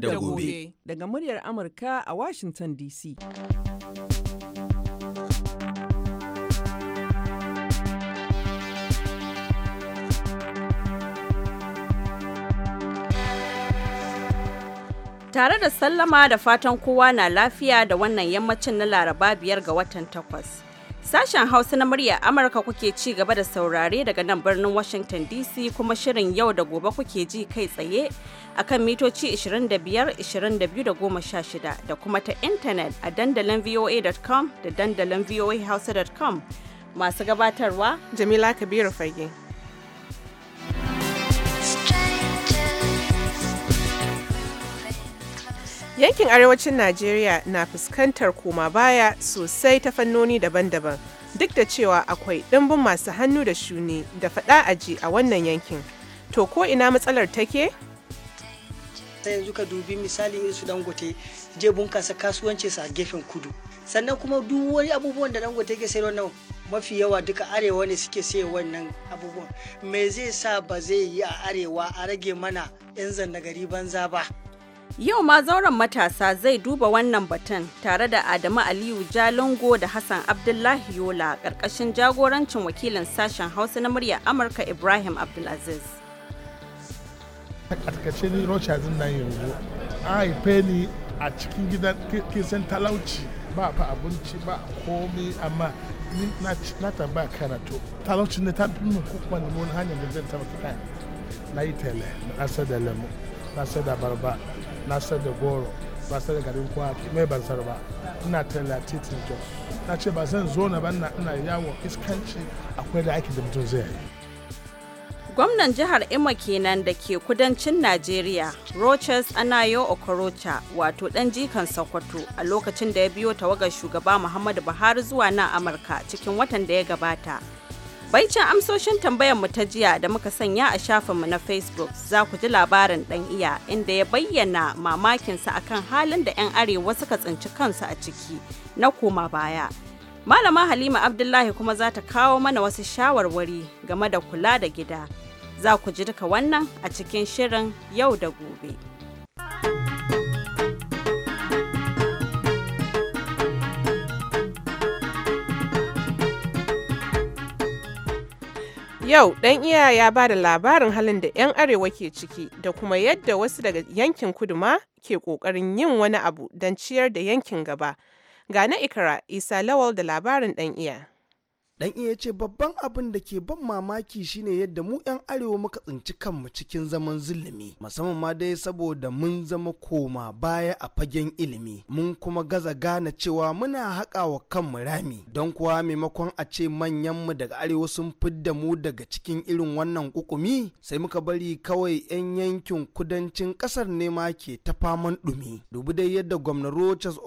da gobe daga muryar Amurka a Washington DC. Tare da sallama da fatan kowa na lafiya da wannan yammacin na Laraba biyar ga watan takwas. Sashen Hausa na murya Amurka kuke ci gaba da saurare daga nan birnin Washington DC kuma shirin yau da gobe kuke ji kai tsaye akan mitoci 25, 22 da 16 da kuma ta intanet a dandalin voa.com da dandalin voahausa.com masu gabatarwa Jamila Kabiru Fage. Yankin arewacin Najeriya na fuskantar koma baya sosai ta fannoni daban-daban duk da cewa akwai ɗimbin masu hannu da shuni da faɗa aji a wannan yankin. To ko ina matsalar take? sai yanzu ka dubi misali irin su dangote je bunkasa kasuwanci sa gefen kudu sannan kuma duk wani abubuwan da dangote ke sayarwa nan mafi yawa duka arewa ne suke sai wannan abubuwan me zai sa ba zai yi a arewa a rage mana yan zanna gari banza ba Yau ma zauren matasa zai duba wannan batun tare da Adamu Aliyu Jalingo da Hassan Abdullahi Yola ƙarƙashin jagorancin wakilin sashen Hausa na murya Amurka Ibrahim Abdulaziz. A ƙarƙashin ni Rochazin nan yanzu, a haife ni a cikin gidan kisan talauci ba fa abinci ba komi amma ni na tambaya karatu. Talauci ne ta nuna kuma limon hanyar da zai taimaka na yi tele, na asa da lemu, na asa da barba, na san da goro ba san da garin kwa mai ban sar ba ina talatitin jos na ce ba zan zo na banna ina yawon iskanci akwai da aiki da mutum zai yi gwamnan jihar Ima kenan da ke kudancin Najeriya, Rochas Anayo Okorocha, wato ɗan jikan Sokoto, a lokacin da ya biyo tawagar shugaba Muhammadu Buhari zuwa nan Amurka cikin watan da ya gabata. Baicin amsoshin tambayar mu ta jiya da muka sanya a shafinmu na Facebook za ku ji labarin ɗan iya inda ya bayyana mamakinsa akan halin da 'yan arewa suka tsinci kansu a ciki na koma baya. Malama Halima Abdullahi kuma za ta kawo mana wasu shawarwari game da kula da gida. Za ku ji duka wannan a cikin shirin yau da gobe. Yau ɗan iya ya ba da labarin halin da 'yan arewa ke ciki da kuma yadda wasu daga yankin kuduma ke ƙoƙarin yin wani abu don ciyar da yankin gaba. Ga na Ikra Isa Lawal da labarin ɗan iya. dan iya ce babban abin da ke ban mamaki shine yadda mu 'yan arewa muka tsinci kanmu cikin zaman zulumi musamman ma dai saboda mun zama koma baya a fagen ilimi mun kuma gaza gane cewa muna haƙa wa kanmu rami don kuwa maimakon a ce mu daga arewa sun fidda mu daga cikin irin wannan kukumi sai muka bari kawai 'yan yankin kudancin ƙasar ne ma ke ta faman dumi dubi dai yadda gwamna rochas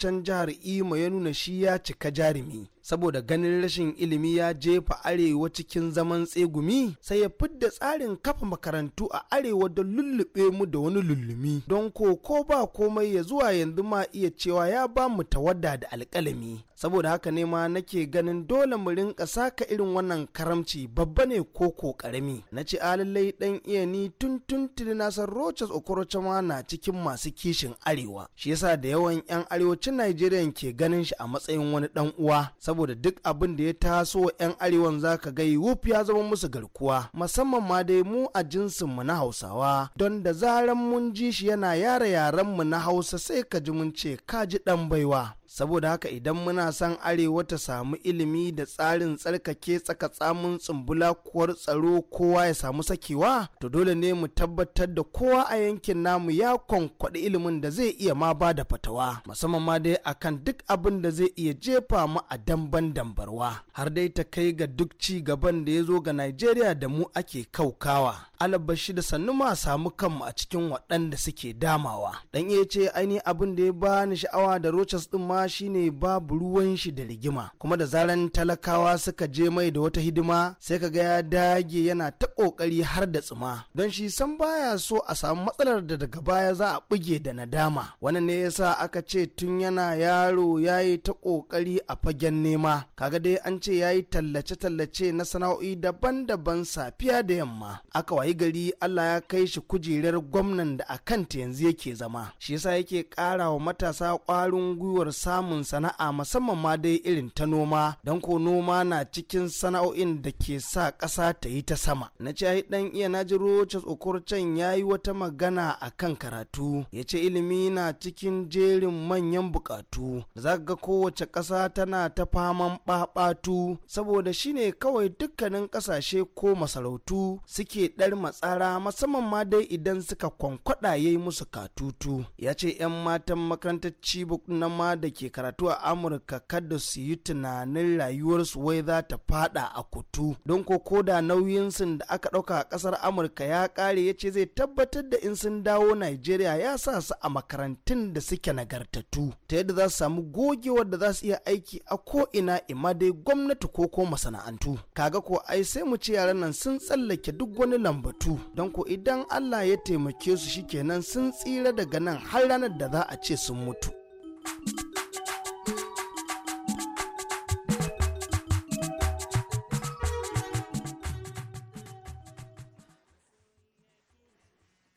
can jihar imo ya nuna shi ya cika jarumi saboda ganin rashin ilimi ya jefa arewa cikin zaman tsegumi sai ya fidda tsarin kafa makarantu a arewa don lullube mu da wani lullumi don ko ko ba komai ya zuwa yanzu ma iya cewa ya ba mu tawadda da alƙalami saboda haka ne ma nake ganin dole mu rinka saka irin wannan karamci babba ne ko ko karami na ce lallai dan iya ni tun tun tuni na san rochas okorocha ma na cikin masu kishin arewa shi yasa da yawan yan arewacin najeriya ke ganin shi a matsayin wani dan uwa saboda duk abin da ya taso yan arewan zaka ga wuf ya zama musu garkuwa musamman ma dai mu a jinsin mu na hausawa don da zaran mun ji shi yana yara yaran mu na hausa sai ka ji mun ce ka ji dan baiwa saboda haka idan muna san arewa ta samu ilimi da tsarin tsarkake tsaka tsamun tsumbula kuwar tsaro kowa ya samu sakewa to dole ne mu tabbatar da kowa a yankin namu ya kwankwaɗi ilimin da zai iya ma ba da fatawa musamman ma dai akan duk abin da zai iya jefa mu a damban dambarwa har dai ta kai ga duk ci gaban da ya zo ga Najeriya da mu ake kaukawa alabashi da sannu ma samu kanmu a cikin waɗanda suke damawa dan iya ce ainihin abin da ya bani sha'awa da Rochas din ma shine babu ruwan shi da rigima kuma da zaran talakawa suka je mai da wata hidima sai ka ga ya dage yana ta kokari har da tsima don shi san baya so a samu matsalar da daga baya za a buge da nadama wannan ne yasa aka ce tun yana yaro yayi ta kokari a fagen nema kaga dai an ce yayi tallace-tallace na sana'o'i daban-daban safiya da yamma aka wayi gari Allah ya kai shi kujerar gwamnan da a kanta yanzu yake zama shi yasa yake ƙara wa matasa kwarin gwiwar samun sana'a musamman ma dai irin ta noma don ko noma na cikin sana'o'in da ke sa ƙasa ta yi ta sama na ce ai dan iya na jiro tsokorcen ya yi wata magana a kan karatu ya ce ilimi na cikin jerin manyan bukatu za ga kowace ƙasa tana ta faman ɓaɓatu saboda shine kawai dukkanin ƙasashe ko masarautu suke ɗar matsara musamman ma dai idan suka kwankwada ya yi musu katutu ya ce 'yan matan makarantar cibuk na ma da ke karatu a amurka kada su yi tunanin rayuwarsu wai za ta fada a kutu don ko koda nauyinsu da aka ɗauka a ƙasar amurka ya kare ya ce zai tabbatar da in sun dawo nigeria ya sa su a makarantun da suke nagartattu ta yadda za su samu gogewar da za su iya aiki a ko ina ima dai gwamnati ko ko masana'antu kaga ko ai sai mu ce yaran nan sun tsallake duk wani lambatu don ko idan allah ya taimake su shikenan sun tsira daga nan har ranar da za a ce sun mutu.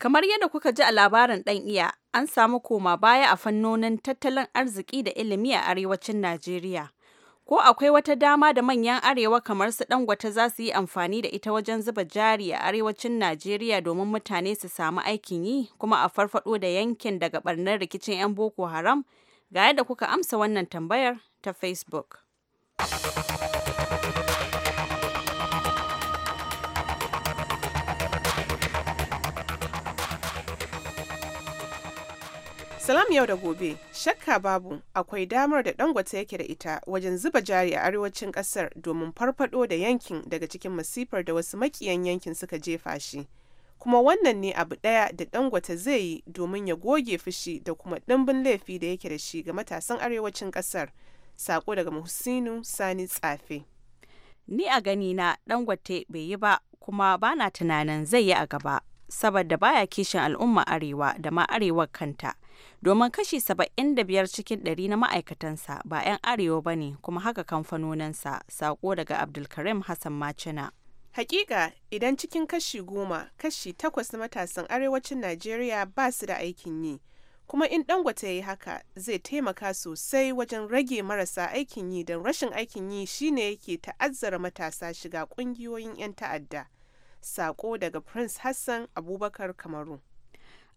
Kamar yadda kuka ji a labarin ɗan iya, an samu koma baya a fannonin tattalin arziki da ilimi a arewacin Najeriya. Ko akwai wata dama da manyan arewa kamar su Dangote za su yi amfani da ita wajen zuba jari a arewacin Najeriya domin mutane su samu aikin yi kuma a farfaɗo da yankin daga barnar rikicin 'yan Boko Haram? Ga yadda kuka amsa wannan tambayar ta Facebook. Salam yau da gobe, shakka babu akwai damar da Dangote yake da ita wajen zuba jari a arewacin kasar domin farfado da yankin daga cikin masifar da wasu makiyan yankin suka jefa shi. Kuma wannan ne abu ɗaya da Dangote zai yi domin ya goge fushi da kuma ɗimbin laifi da yake da shi ga matasan arewacin kasar. Sako daga Muhsinu Sani Tsafe. Ni a gani na Dangote bai yi ba kuma bana tunanin zai yi a gaba. saboda baya kishin al'umma arewa da ma arewa kanta domin kashi 75 cikin 100 na ma'aikatansa ba 'yan arewa ba ne kuma haka kamfanoninsa sako daga abdulkarim hassan macina Hakika idan cikin kashi goma kashi takwas na matasan arewacin Najeriya ba su da aikin yi, kuma in dangwata ya yi haka zai taimaka sosai wajen rage marasa aikin yi don rashin aikin yi shine yake ta'azzara matasa shiga ƙungiyoyin 'yan ta'adda. Sako daga Prince Hassan Abubakar Kamaru.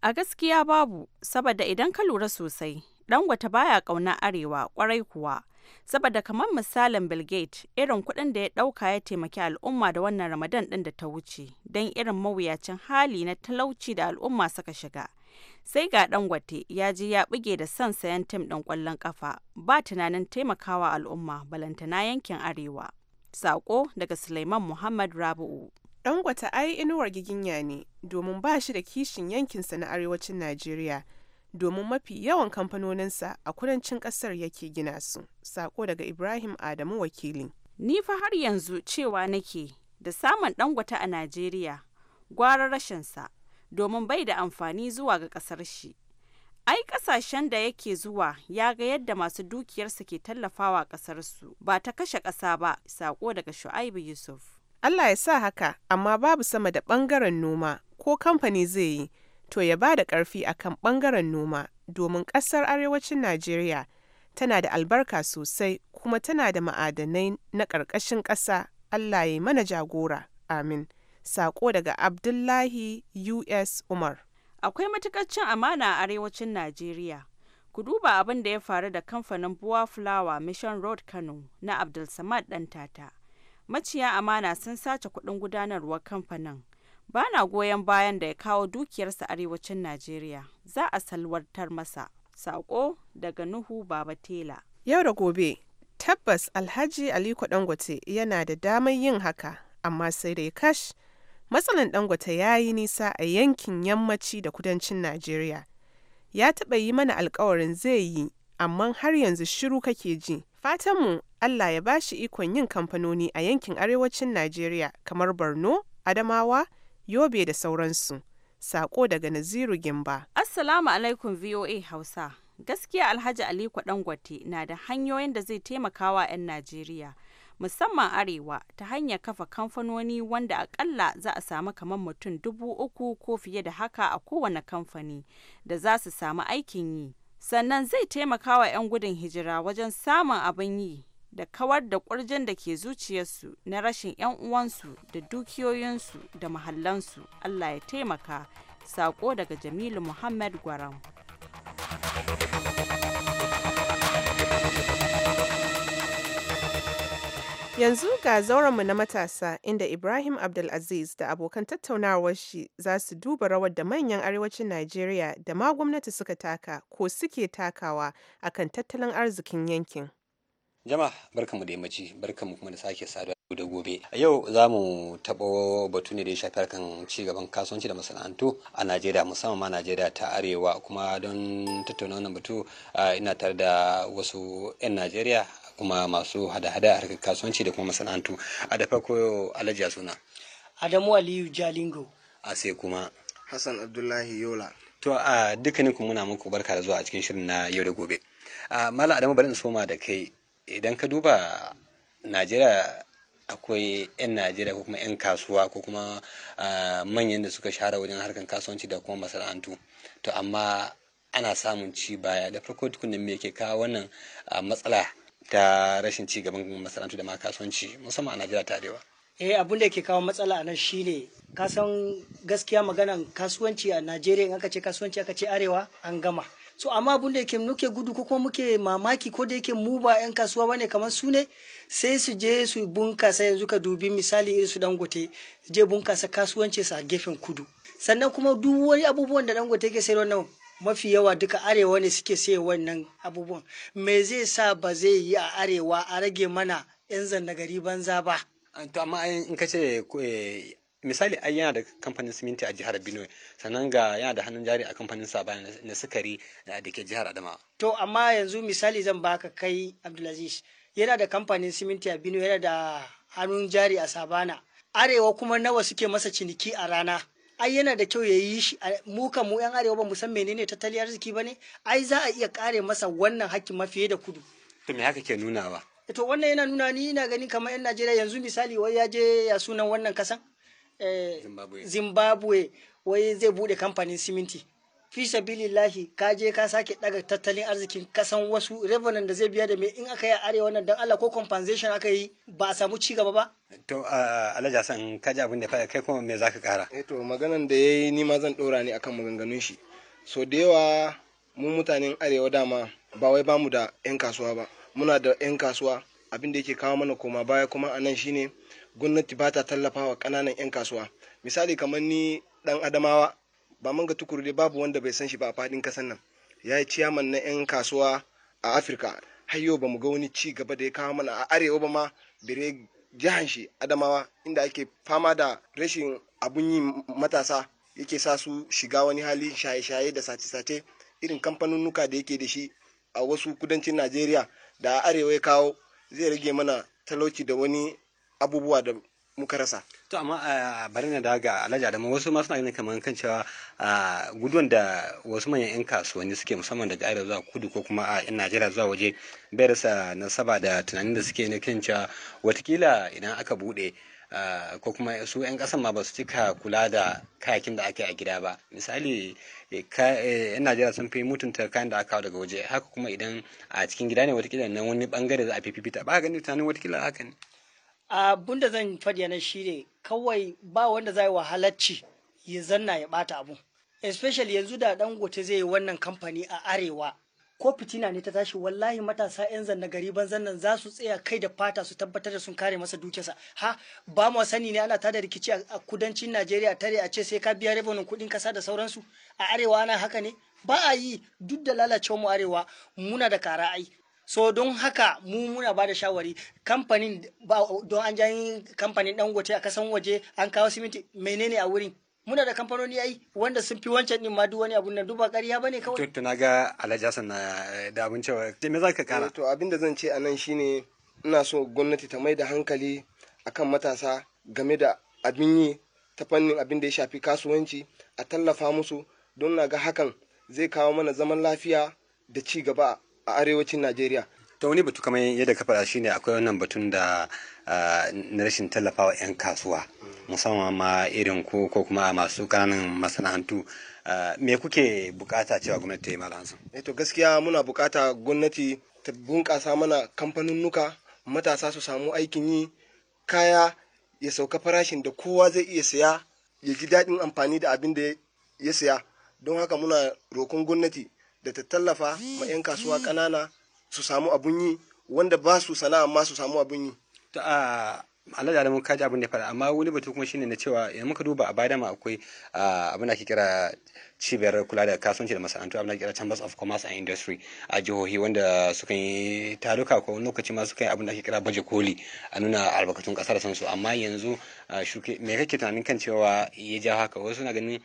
A gaskiya babu, saboda idan ka lura sosai, Dangote baya ƙauna arewa kwarai kuwa. Saboda kamar misalin Bill Gates, irin kuɗin da ya ɗauka ya taimaki al'umma da wannan Ramadan ɗin da ta wuce, don irin mawuyacin hali na talauci da al'umma suka shiga. Sai ga Dangote ya ji ya buge da son sayan tim ɗin ƙwallon ƙafa, ba tunanin taimakawa al'umma balantana yankin arewa. Sako daga Suleiman Muhammad Rabu'u. Dangote ai inuwar giginya ne domin ba shi da kishin yankinsa na arewacin Najeriya domin mafi yawan kamfanoninsa a kudancin kasar yake gina su. Sako daga Ibrahim Adamu wakili. Ni fa har yanzu cewa nake da samun dangwata a Najeriya gwara rashinsa domin bai da amfani zuwa ga kasar shi. ai kasashen da yake zuwa ya ga yadda masu dukiyarsa ke tallafawa kasarsu ba ta kashe ƙasa ba sako daga shu'aibu yusuf Allah ya sa haka, amma babu sama da ɓangaren noma ko kamfani zai yi, to ya ba da ƙarfi a kan ɓangaren noma domin ƙasar Arewacin Najeriya tana da albarka sosai kuma tana da ma'adanai na ƙarƙashin ƙasa Allah ya mana jagora. Amin. Sako daga Abdullahi U.S. Umar. Akwai matuƙar cin amana a Arewacin Najeriya. Ku duba abin da ya faru da kamfanin Buwa Fulawa Mission Road Kano na Abdulsamad Ɗantata. maciya amana sun sace kudin gudanarwar kamfanin ba na goyon bayan da ya kawo dukiyarsa arewacin najeriya za a salwantar masa sako daga nuhu baba tela yau da gobe tabbas alhaji aliko dangote yana da damar yin haka amma sai dai kash matsalan dangote ya yi nisa a yankin yammaci da kudancin najeriya ya taɓa yi mana alkawarin zai yi amma har yanzu shiru kake ji Fatanmu Allah ya bashi ikon yin kamfanoni a yankin Arewacin Najeriya kamar Borno, Adamawa, Yobe da sauransu. Sako daga Naziru Gimba. Assalamu alaikum VOA Hausa. Gaskiya Alhaji Aliko Dangote na da hanyoyin da zai taimakawa 'yan Najeriya. musamman arewa ta hanyar kafa kamfanoni wanda akalla za a samu kamar mutum dubu uku ko fiye da haka a kowane kamfani da za su samu aikin yi sannan zai taimaka wa 'yan gudun hijira wajen samun abin yi da kawar da kurjin da ke zuciyarsu na rashin 'yan uwansu da dukiyoyinsu da mahallansu Allah ya taimaka sako daga Jamilu Muhammad Gwaram. Yanzu ga zauranmu na matasa inda Ibrahim Abdulaziz da abokan tattaunawar shi za su duba rawar da manyan arewacin Najeriya da ma gwamnati suka taka ko suke takawa akan tattalin arzikin yankin. Jama'a barkamu da yammaci barkamu kuma da sake saduwa da gobe. A yau za mu taɓo batu ne da ya shafi harkan cigaban kasuwanci da masana'antu a Najeriya musamman ma Najeriya ta Arewa kuma don tattauna wannan batu ina tare da wasu 'yan Najeriya kuma masu hada-hada a harkar kasuwanci da kuma masana'antu a da farko alhaji suna adamu aliyu jalingo a sai kuma hassan abdullahi yola to a dukkanin ku muna muku barka da zuwa a cikin shirin na yau da gobe a mala adamu bari in soma da kai idan ka duba najeriya akwai 'yan najeriya ko kuma 'yan kasuwa ko kuma manyan da suka share wajen harkar kasuwanci da kuma masana'antu to amma ana samun ci baya da farko tukunan me ke kawo wannan matsala ta rashin ci gaban masana'antu da ma kasuwanci musamman a Najeriya ta arewa. Eh abun da ke kawo matsala a nan shine ka san gaskiya maganan kasuwanci a Najeriya in aka ce kasuwanci aka ce arewa an gama. So amma abun da yake muke gudu ko kuma muke mamaki ko da yake mu ba 'yan kasuwa bane kamar su ne sai su je su bunkasa yanzu ka dubi misali irin su dangote je bunkasa kasuwanci a gefen kudu. sannan kuma duk wani abubuwan da dangote ke sayarwa nan mafi yawa duka arewa ne suke saye wannan abubuwan me zai sa ba zai yi a arewa a rage mana 'yan gari banza ba to amma in ka ce eh, misali ai yana da kamfanin siminti a jihar Benue sannan ga yana da hannun jari a kamfanin Sabana na sukari eh, da ke jihar Adamawa to amma yanzu misali zan baka kai Abdulaziz yana da kamfanin siminti a Benue yana da hannun jari a Sabana arewa kuma nawa suke masa ciniki a rana ai yana da kyau ya yi shi mu kan mu yan arewa ba mu san menene tattalin arziki ba ne ai za a iya kare masa wannan hakkin mafi da kudu to me haka ke nunawa eh to wannan yana nuna ni ina gani kamar yan Najeriya yanzu misali wai ya je ya sunan wannan kasan eh, Zimbabwe, Zimbabwe wai zai bude kamfanin siminti fi sabilillahi ka je ka sake daga tattalin arzikin kasan wasu revenue da zai biya da mai in aka yi arewa nan dan Allah ko compensation aka yi ba a samu ci gaba ba to alhaji san ka ji abin da kai kuma me zaka kara eh to maganan da yayi ni ma zan dora ne akan maganganun shi so da yawa mu mutanen arewa dama ba wai bamu da yan kasuwa ba muna da yan kasuwa abin da yake kawo mana koma baya kuma anan shine gwamnati ba ta tallafa wa ƙananan 'yan kasuwa misali kamar ni dan adamawa ba manga tukuru dai babu wanda bai san shi ba a fadin kasan nan ya yi ciyaman na 'yan kasuwa a afirka har yau ba mu ga wani ci gaba da ya kawo mana a arewa ba ma bire jihan shi adamawa inda ake fama da rashin abun yi matasa yake sa su shiga wani hali shaye-shaye da sace-sace irin kamfanin nuka da yake da shi a wasu kudancin najeriya da arewa ya kawo zai rage mana talauci da wani abubuwa da muka rasa to amma bari na daga alhaji adamu wasu masu na ganin kamar kan cewa guduwan da wasu manyan 'yan kasuwanni suke musamman daga arewa zuwa kudu ko kuma a yan najeriya zuwa waje bai rasa nasaba da tunanin da suke na kan cewa watakila idan aka bude ko kuma su 'yan kasan ma ba su cika kula da kayakin da yi a gida ba misali yan eh, eh, najeriya sun fi mutunta kayan da aka kawo daga waje haka kuma idan a cikin gida ne watakila nan wani bangare za a fifita ba gani tunanin watakila haka ne abun da zan faɗi nan ne kawai ba wanda zai wahalarci ya zanna ya bata abu. especially yanzu da gote zai yi wannan kamfani a arewa ko fitina ne ta tashi wallahi matasa 'yan zanna gari ban nan za su tsaya kai da fata su tabbatar da sun kare masa dukiyarsa ha ba mu sani ne ana tada rikici a kudancin najeriya tare a ce sai ka biya revenin kuɗin kasa da sauransu a arewa ana haka ne ba a yi duk da lalacewar mu arewa muna da kara ai so don haka mu muna ba da shawari kamfanin don an jayin kamfanin dangote a kasan waje an kawo siminti menene a wurin muna da kamfanoni ai wanda sun fi wancan din ma duk wani abun nan duba ƙarya bane kawai to na ga Alhaji hasan na da abin cewa me za ka kara eh, to abin da zan ce a nan shine ina so gwamnati ta mai da hankali akan matasa game da abin yi ta fannin abin da ya shafi kasuwanci a tallafa musu don na ga hakan zai kawo mana zaman lafiya da ci gaba a arewacin najeriya ta wani batu kamar yadda ka faɗa shine akwai wannan batun da na rashin tallafawa 'yan kasuwa musamman ma irin ko ko kuma masu ƙananan masana'antu me kuke bukata cewa gwamnati ta yi e to gaskiya muna bukata gwamnati ta bunƙasa mana kamfanin nuka matasa su samu aikin yi kaya ya sauka farashin da kowa zai iya saya ya ji daɗin amfani da abin da ya saya don haka muna roƙon gwamnati da ta tallafa ma 'yan kasuwa ƙanana su samu abun yi wanda ba su sana'a ma su samu abun yi. Ah, Allah da mun kaji abin da faɗa amma wani batu kuma shine na cewa idan muka duba a bada ma akwai abin da ake kira cibiyar kula da kasuwanci da masana'antu abin da ake kira chambers of commerce and industry a jihohi wanda suka yi taruka ko lokaci ma suka yi abin da ake kira baje koli a nuna albarkatun kasar da sansu amma yanzu shuke me kake tunanin kan cewa ya ja haka wasu na ganin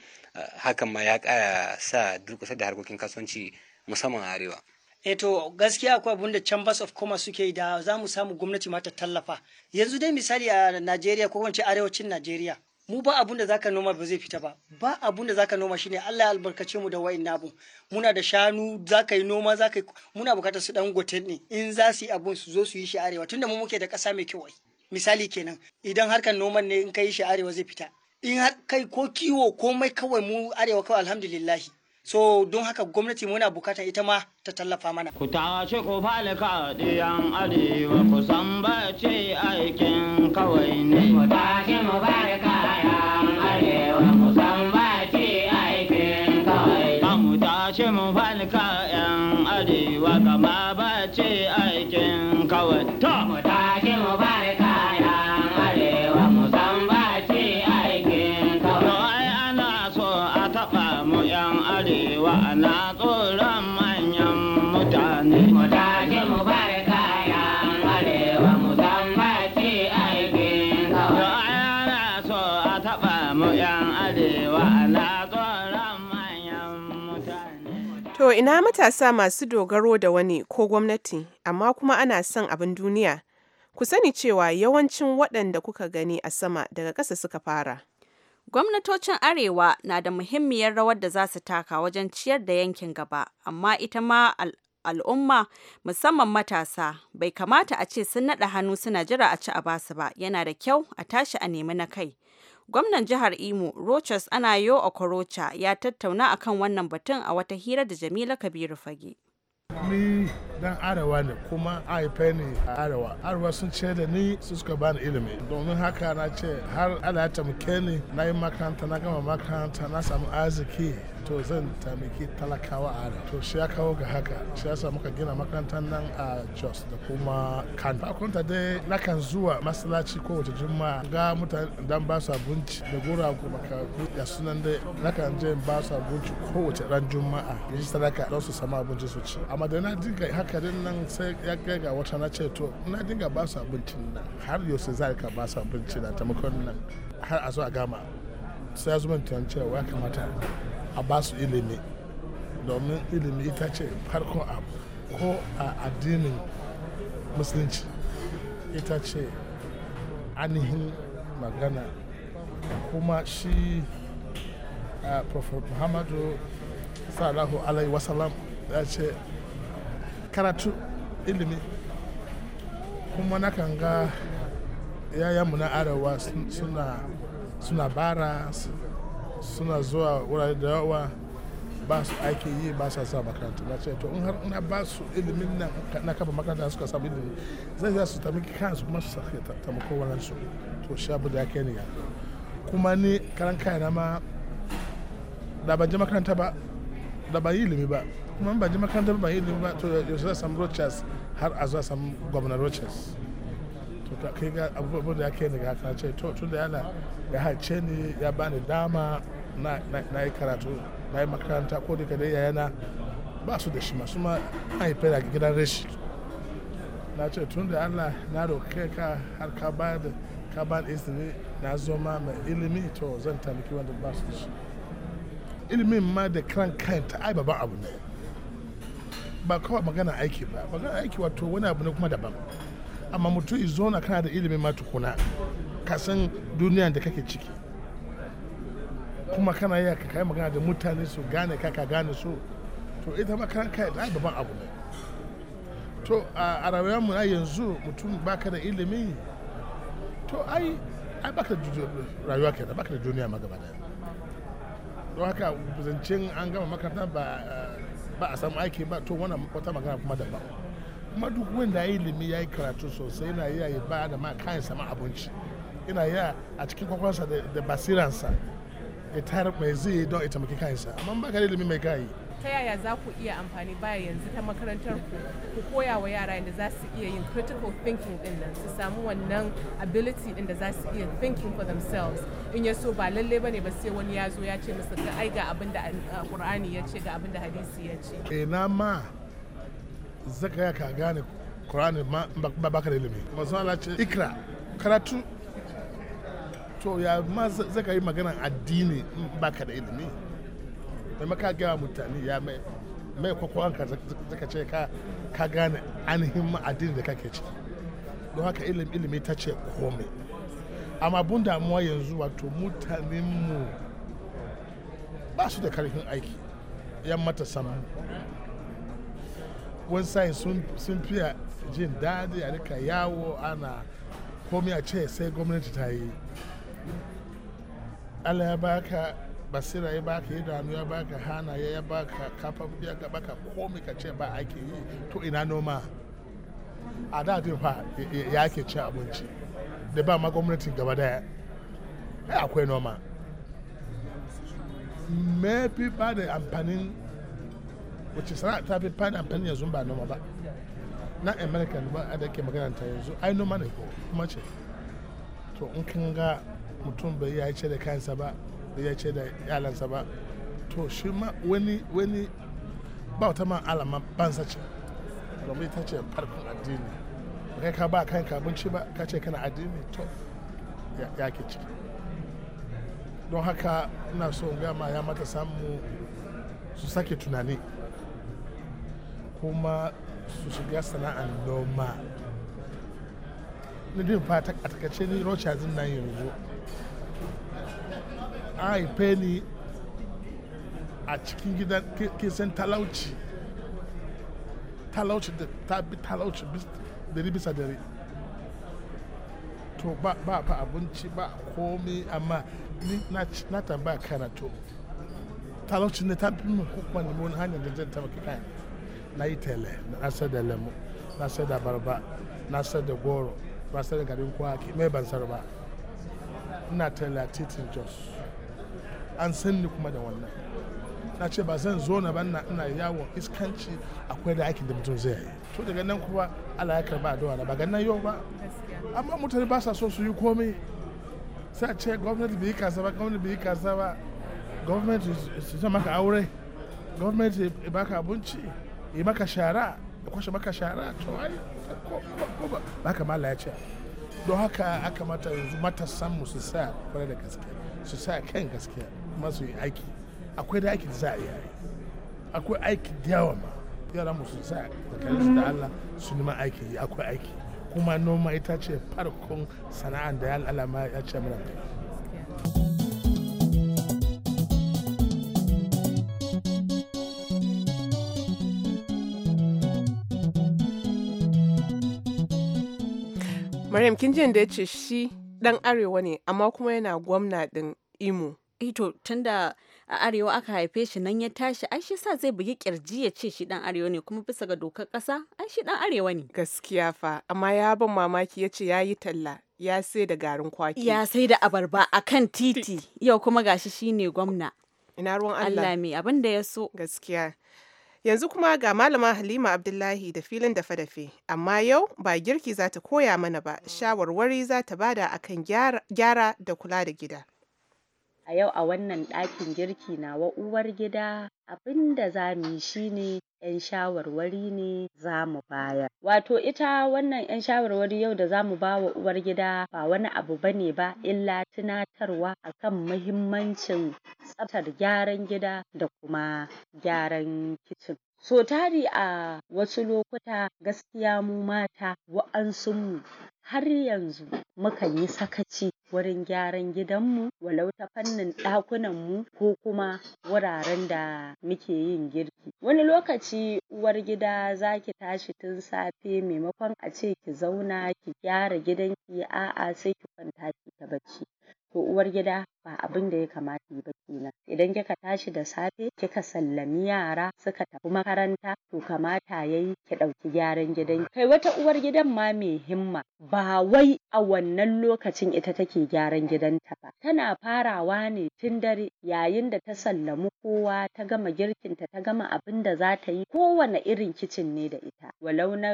hakan ma ya ƙara sa durƙusar da harkokin kasuwanci musamman a arewa. e to gaskiya akwai abun da chambers of commerce suke da za mu samu gwamnati ma ta tallafa yanzu dai misali a najeriya ko wance arewacin najeriya mu ba abun da zaka noma ba zai fita ba ba abun da zaka noma shine Allah ya albarkace mu da wayin nabu muna da shanu zaka yi noma zaka yi muna bukatar su dan goten ne in za su yi abun su zo su yi shi arewa tunda mu muke da ƙasa mai kyau misali kenan idan harkar noman ne in ka yi shi arewa zai fita in har kai ko kiwo komai kawai mu arewa kawai alhamdulillahi so don haka gwamnati muna bukata ita ma ta tallafa mana ku ce ku ka diyan arewa ku san aikin kawai ne ku ce mu ka. ko ina matasa masu dogaro da wani ko gwamnati amma kuma ana son abin duniya? Ku sani cewa yawancin waɗanda kuka gani a sama daga ƙasa suka fara. Gwamnatocin Arewa na da muhimmiyar rawar da za su taka wajen ciyar da yankin gaba, amma ita ma al'umma musamman matasa bai kamata a ce sun naɗa hannu suna jira a ci a basu ba yana da kyau a tashi a nemi na kai Gwamnan jihar Imo, Rochas Anayo Okorocha, ya tattauna akan wannan batun a wata hira da Jamila Kabiru Fage. Ni dan arewa ne kuma haife ne a arewa. Arewa sun ce da ni su suka bani ilimi. Domin haka na ce har ala ta muke ni na yi makaranta na gama makaranta na samu arziki to zan tamaki talakawa a nan to shi ya kawo ga haka shi ya sa muka gina makarantar nan a jos da kuma kan fakunta dai nakan zuwa masallaci wata juma'a ga mutane dan ba su abinci da gura kuma da sunan dai nakan je ba su abinci wata ran juma'a ji sadaka don su sama abinci su ci amma da na dinga haka din nan sai ya kai ga wata na ce to na dinga ba su abinci nan har yau sai za ka ba su abinci na taimakon nan har a zo a gama sai ya zuma tunanin cewa ya kamata a ba su ilimi domin ilimi ita ce farkon abu ko a addinin musulunci ita ce ainihin magana kuma shi a prophet muhammadu sallallahu alaihi wasallam ya ce karatu ilimi kuma na kan ga yayanmu na arewa suna bara suna zuwa wurare da yawa ba su aiki yi ba sa sa makaranta na ce to in har ina ba su ilimin nan na kafa makaranta suka samu ilimi zai za su taimaki kansu kuma su sake wannan su to sha bu da ne kuma ni karan kayana ma da ban je makaranta ba da ban yi ilimi ba kuma ban je makaranta ba ban yi ilimi ba to yaushe za samu rochers har a zuwa samu gwamnan rochas to kai ga abubuwan da ya kai ne ga kana ce to tun da yana ya harce ni ya bani dama na yi karatu na yi makaranta ko da kadai yana ba su da shi masu ma haife da gidan rashi na ce tun da allah na roƙe ka har ka ba da ka ba izini na zoma mai ilimi to zan taimaki wanda ba su da shi ilimin ma da kiran ta ai babban abu ne ba kawai magana aiki ba magana aiki wato wani abu ne kuma daban amma mutum izona kana da ilimin ma tukuna ka san duniya da kake ciki kuma kana yi ka kai magana da mutane su gane ka ka gane su to ita ma kan kai da babban abu ne to a rayuwar mu yanzu mutum baka da ilimi to ai ai baka da rayuwa da baka da duniya ma gaba daya don haka zancen an gama makaranta ba ba a samu aiki ba to wannan wata magana kuma ba kuma duk wanda ya yi ilimi ya yi karatu sosai yana yi ba da ma kayan sama abinci ina ya a cikin kwakwansa da basiransa ya tayar mai zai don ita maki kansa amma ba ka da ilimi mai kayi ta yaya za ku iya amfani baya yanzu ta makarantar ku ku koya wa yara yadda za su iya yin critical thinking din nan su samu wannan ability din da za su iya thinking for themselves in ya so ba lalle bane ba sai wani ya zo ya ce musu ga ai ga abin da Qur'ani ya ce ga abin da hadisi ya ce eh na ma zaka ya ka gane Qur'ani ma ba ka da ilimi manzo Allah ce ikra karatu to ya ma zaka yi maganan addini baka da ilimi mai maka gaya mutane ya mai mai ka zaka ce ka gane ainihin addini da kake ciki don haka ilimi ta ce komai amma bun damuwa yanzu wato mutanenmu ba su da karfin aiki yan mata samu. wani sai sun fiya jin daɗi a rika yawo ana komi a ce sai gwamnati ta yi Allah ya baka basira ya baka damu ya baka hana ya baka kafa ya baka komai ka ce ba ake yi to ina noma a da din fa ya ke ci abinci da ba ma gwamnati gaba daya ai akwai noma me fi ba da amfanin wacce sana ta fi da amfanin yanzu ba noma ba na american ba da ke magana ta yanzu ai noma ne ko kuma ce to in kin ga mutum bai ya ce da kansa ba bai ya ce da yalansa ba to shi ma wani wani ba wata man alama bansa ce domin ita ce farkon addini kai ka ba kanka kabinci ba ka ce kana addini to ya ke ciki don haka ina so gama ya mata samu su sake tunani kuma su shiga sana'an noma na din fata a takace ni rocha zin nan yanzu an haife ni a cikin gidan kisan talauci talauci da ta bi talauci dari bisa dare to ba fa abinci ba komi amma ni na tambaya kana to talauci ne ta fi min kuma nemi wani hanyar da zan taimaki kayan na yi tele na sayar da lemu na sayar da barba na sayar da goro na sayar da garin kwaki mai ban ba ina tele titin jos an san ni kuma da wannan na ce ba zan zo na na ina yawon iskanci akwai da aikin da mutum zai yi to daga nan kuma ala ya karba addu'a na ba ga nan yau ba amma mutane ba sa so su yi komai sai a ce gwamnati bai yi kasa ba gwamnati bai yi kasa ba gwamnati su zama maka aure gwamnati ya baka abinci ya maka shara ya kwashe maka shara to ai ko ba baka ma ya ce don haka aka mata yanzu matasan mu su sa kwarai da gaskiya su sa kan gaskiya kuma su yi aiki akwai da aiki za a yi akwai aiki da yawa ma yara musu sa tsakanin da Allah su nima aiki yi akwai aiki kuma noma ita ce farkon sana'ar da ya ma ya ce mana Maryam kin da ya ce shi dan arewa ne amma kuma yana gwamna din Imo ito eh tunda a arewa aka haife shi nan ya tashi ai shi sa zai bugi kirji ya ce shi dan arewa ne kuma bisa ga dokar kasa ai shi dan arewa ne gaskiya fa amma ya ban mamaki ya ce ya yi talla ya sai da garin kwaki ya sai da abarba a kan titi yau kuma gashi shine gwamna ina ruwan Allah Allah me abin da ya so gaskiya yanzu kuma ga malama halima abdullahi da filin dafe-dafe amma yau ba girki za ta koya mana ba shawarwari za ta bada akan gyara da kula da gida a yau a wannan ɗakin girki nawa uwargida abinda yi shine ƴan shawarwari ne zamu bayar wato ita wannan ƴan shawarwari yau da zamu bawa gida ba wani abu bane ba illa tunatarwa akan mahimmancin tsaftar gyaran gida da kuma gyaran kicin so tari a wasu lokuta gaskiya mu mata wa'ansun mu har yanzu mukan yi sakaci wurin gyaran gidanmu walau ta fannin ɗakunanmu ko kuma wuraren da muke yin girki wani lokaci uwargida ki tashi tun safe maimakon a ce ki zauna ki gyara gidanki a'a sai ki kwanta ki ta bacci to uwargida ba abin da ya kamata yi ba. kenan idan kika tashi da safe kika sallami yara suka tafi makaranta to kamata yayi ki ɗauki gyaran gidan ki kai wata uwar gidan ma mai himma ba wai a wannan lokacin ita take gyaran gidanta ba tana farawa ne tun dare yayin da ta sallami kowa ta gama girkin ta ta gama za ta yi kowane irin kicin ne da ita walau na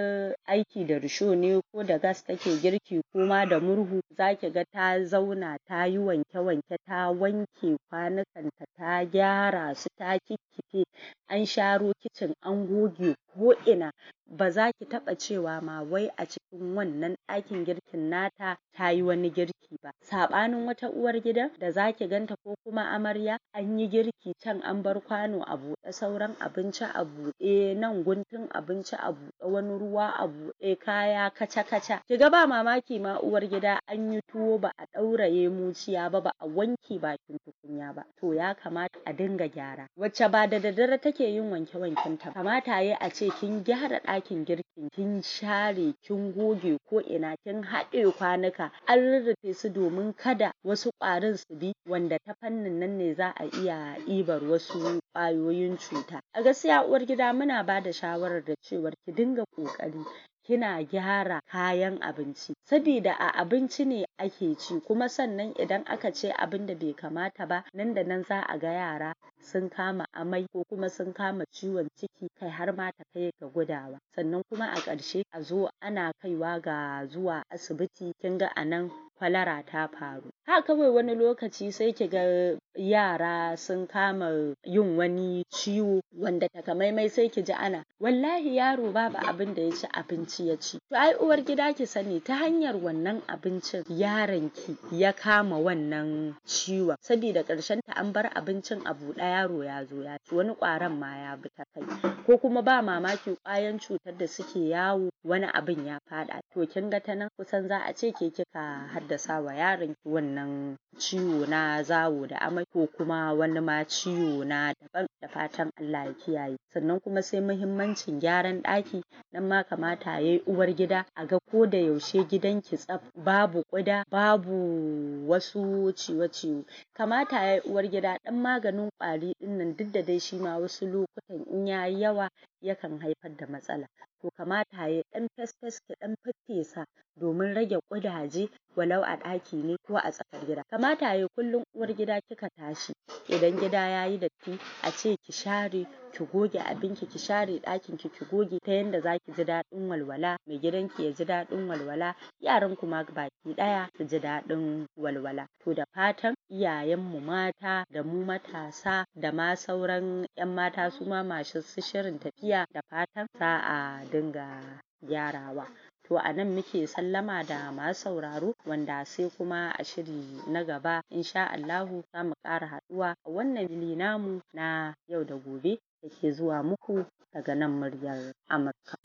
aiki da risho ne ko da gas take girki ko ma da murhu zaki ga ta zauna ta yi wanke wanke ta wanke kwana? karnukanta ta gyara su ta kikkife an sharo kicin an goge ko'ina. ba za ki taɓa cewa ma wai a cikin wannan ɗakin girkin nata ta yi wani girki ba saɓanin wata uwar gidan da za ki ganta ko kuma amarya an yi girki can an bar kwano a buɗe sauran abinci a buɗe nan guntun abinci a buɗe wani ruwa a buɗe kaya kaca-kaca ki ga ba mamaki ma uwar gida an yi tuwo ba a ɗauraye muciya ba ba a wanke bakin tukunya ba to ya kamata a dinga gyara wacce ba da daddare take yin wanke wanken ta? kamata ya yi a ce kin gyara ɗakin ɗakin girkin kin share kin goge ko ina kin haɗe kwanuka an rurrufe su domin kada wasu ƙwarin su bi wanda ta fannin nan ne za a iya ɗibar wasu ƙwayoyin cuta. A gaskiya uwar gida, muna ba da shawarar da cewar ki dinga ƙoƙari kina gyara kayan abinci sabida a abinci ne ake ci kuma sannan idan aka ce abin da bai kamata ba nan da nan za a ga yara sun kama amai ko kuma sun kama ciwon ciki kai har ma ta kai ga gudawa sannan kuma a ƙarshe a zo ana kaiwa ga zuwa asibiti Kin ga a nan kwalara ta faru Ha kawai wani lokaci sai ki ga yara sun kama yin wani ciwo wanda takamaimai sai ki ji ana wallahi yaro babu abin da ya ci abinci ya ci. To ai gida ki sani ta hanyar wannan abincin yaron ki ya kama wannan ciwon saboda karshen ta an bar abincin a buɗe yaro ya zo ya ci wani ƙwaron ma ya bi ta kai ko kuma ba mamaki ƙwayan cutar da suke yawo wani abin ya faɗa to kin ga ta nan kusan za a ce ke kika haddasa wa yaron ki wannan wannan ciwo na zawo da amai ko kuma wani ma ciwo na daban da fatan Allah ya kiyaye sannan kuma sai muhimmancin gyaran ɗaki nan ma kamata yayi uwargida a ga ko da yaushe gidanki tsaf babu ƙuda babu wasu ciwo-ciwo. kamata yayi uwargida ɗan maganin ƙwari ɗin nan duk da dai shi ma wasu lokutan in ya yi yawa yakan haifar da matsala to kamata ya ɗan fes ɗan faffesa domin rage ƙudaje walau a ɗaki ne ko a tsakar gida. Kamata yayi kullum uwar gida kika tashi idan gida yayi datti a ce ki share ki goge abinki ki share ɗakin ki ki goge ta yanda zaki ji daɗin walwala mai gidan ki ji daɗin walwala yaran ku ma baki ɗaya su ji daɗin walwala. To da fatan iyayen mu mata da mu matasa da ma sauran ƴan mata su suma masu shirin tafiya da fatan sa'a da. dinga gyarawa to a nan muke sallama da masu sauraro wanda sai kuma a shiri na gaba in sha Allahu mu ƙara haɗuwa a wannan fili namu na yau da gobe da ke zuwa muku daga nan muryar Amurka.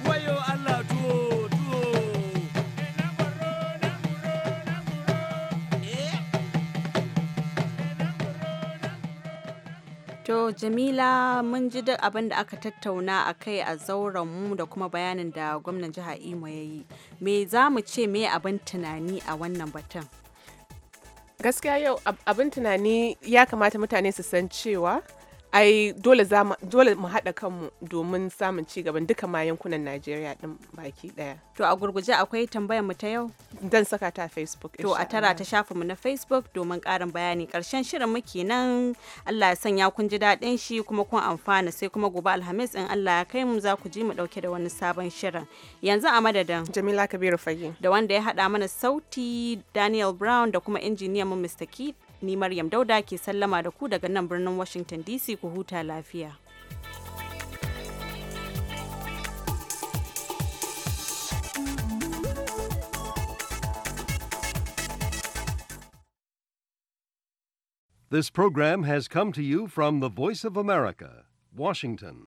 To Jamila mun ji duk abin da aka tattauna a kai a zauren mu da kuma bayanin da gwamnan jiha Imo ya yi. Me za mu ce me abin tunani a wannan batun? Gaskiya yau abin tunani ya kamata mutane su san cewa ai dole dole mu haɗa kanmu domin samun ci gaban duka ma yankunan Najeriya din baki daya. To a gurguje akwai tambayar mu ta yau? Dan saka ta Facebook. To a tara ta shafin mu na Facebook domin ƙarin bayani. Karshen shirin mu kenan Allah ya sanya kun ji daɗin shi kuma kun amfana sai kuma gobe Alhamis in Allah ya kai mu za ku ji mu ɗauke da wani sabon shirin. Yanzu a madadin Jamila Kabiru Fage da wanda ya haɗa mana sauti Daniel Brown da kuma injiniyan mu Mr. Keith ni Maryam Dauda ke sallama da ku daga nan birnin Washington DC ku huta lafiya. This program has come to you from the Voice of America, Washington.